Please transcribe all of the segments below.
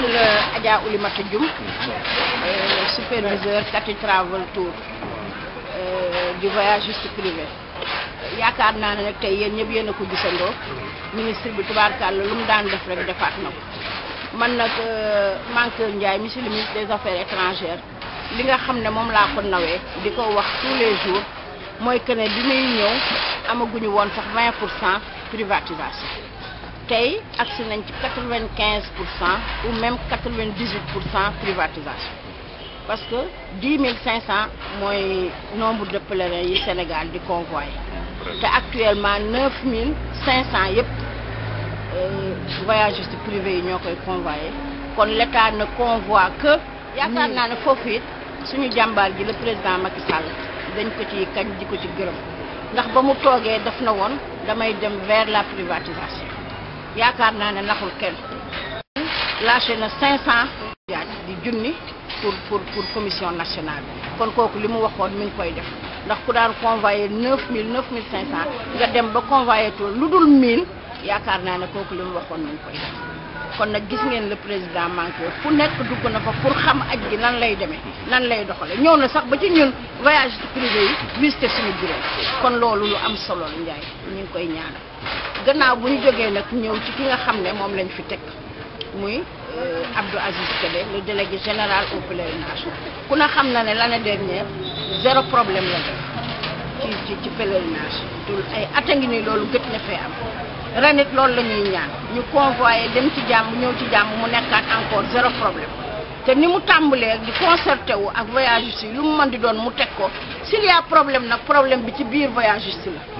man la euh, Adja Oulimata euh, superviseur Kati Travel Tour euh, du voyagiste privé yaakaar naa ne nag tey yéen ñëpp ko gisandoo ministre bi tubaarkàlla lu mu daan def rek defat na ko man nag euh, Mankeur Ndiaye monsieur le ministre des affaires étrangères li nga xamne mom la ko nawé diko wax tous les jours moy que ne bi muy amaguñu won sax 20 privatisation accident 95% ou même 98% privatisation parce que 10500 moy nombre de pèlerins yi Sénégal di convoyer té actuellement 9500 yépp euh voyageurs privés ñokoy convoyer kon l'état ne convoie que yaakaar na na fofu suñu jambar gi le président Macky Sall dañ ko ci kañ diko ci gërëm ndax ba mu togué daf na won vers la privatisation yaakaar naa ne naxul kenn lâché na 500 di junni pour pour pour commission nationale kon kooku li mu waxoon mi ngi koy def ndax ku daan convoyé 9000 9500 nga dem ba convoyé tool lu dul 1000 yaakaar naa ne kooku li mu waxoon mi koy def kon nag gis ngeen le président manqué fu nekk dugg na fa pour xam aj gi nan lay demee nan lay doxale ñëw na sax ba ci ñun voyage privé yi visité suñu bureau kon loolu lu am solo la Ndiaye ñu ngi koy ñaanal. gannaaw bu ñu jógee nag ñëw ci ki nga xam ne moom lañu fi teg muy euh, Abdou Aziz Kébé le délégué général au pèlerinage ku ne xam na ne l'année dernière zéro problème la def ci ci pèlerinage dul ay at a ngi nii loolu gët na fee am ren it loolu la ñuy ñaan ñu convoyé dem ci jàmm ñëw ci jàmm mu nekkaat encore zéro problème te ni mu tàmbalee di concerté wu ak voyagiste yi lu mu man di doon mu teg ko s'il y problème nag problème bi ci biir voyagiste la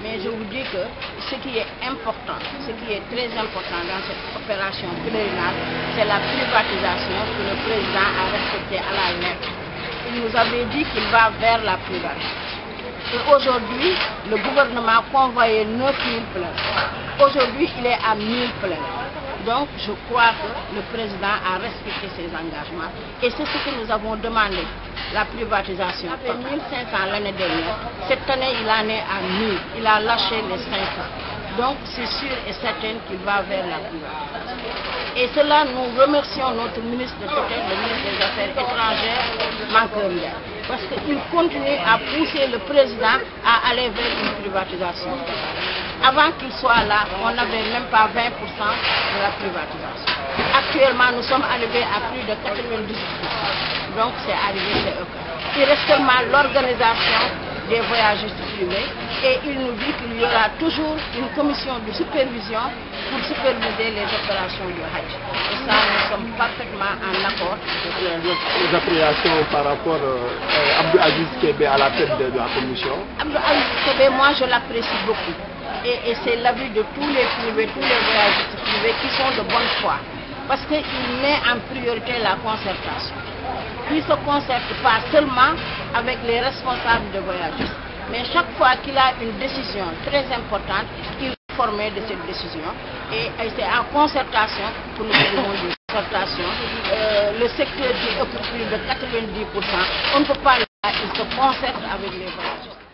Mais je vous dis que ce qui est important, ce qui est très important dans cette opération plénale, c'est la privatisation que le président a respectée à la lettre. Il nous avait dit qu'il va vers la privatisation. aujourd'hui, le gouvernement a convoyé 9 000 plaintes. Aujourd'hui, il est à 1000 plaintes. Donc, je crois que le président a respecté ses engagements. Et c'est ce que nous avons demandé, la privatisation. Il 1500 l'année dernière. Cette année, il en est à 1000. Il a lâché les ans. Donc, c'est sûr et certain qu'il va vers la privatisation. Et cela, nous remercions notre ministre de tutelle, le ministre des Affaires étrangères, parce qu'il continue à pousser le président à aller vers une privatisation. Avant qu'il soit là, on n'avait même pas 20% de la privatisation. Actuellement, nous sommes arrivés à plus de 90%. Donc c'est arrivé chez eux. Il reste seulement l'organisation des voyages privés et il nous dit qu'il y aura toujours une commission de supervision pour superviser les opérations du Hajj. Et ça, nous sommes parfaitement en accord. Euh, les appréhensions par rapport à euh, Abdou Aziz Kébé à la tête de la commission Abdou Aziz Kébé, moi je l'apprécie beaucoup et, c'est l'avis de tous les privés, tous les voyagistes privés qui sont de bonne foi. Parce qu'il met en priorité la concertation. Il se concerte pas seulement avec les responsables de voyagistes, mais chaque fois qu'il a une décision très importante, il est formé de cette décision. Et, c'est en concertation pour nous avons concertation. Euh, le secteur qui occupe plus de 90%, on ne peut pas, il se concerte avec les voyagistes.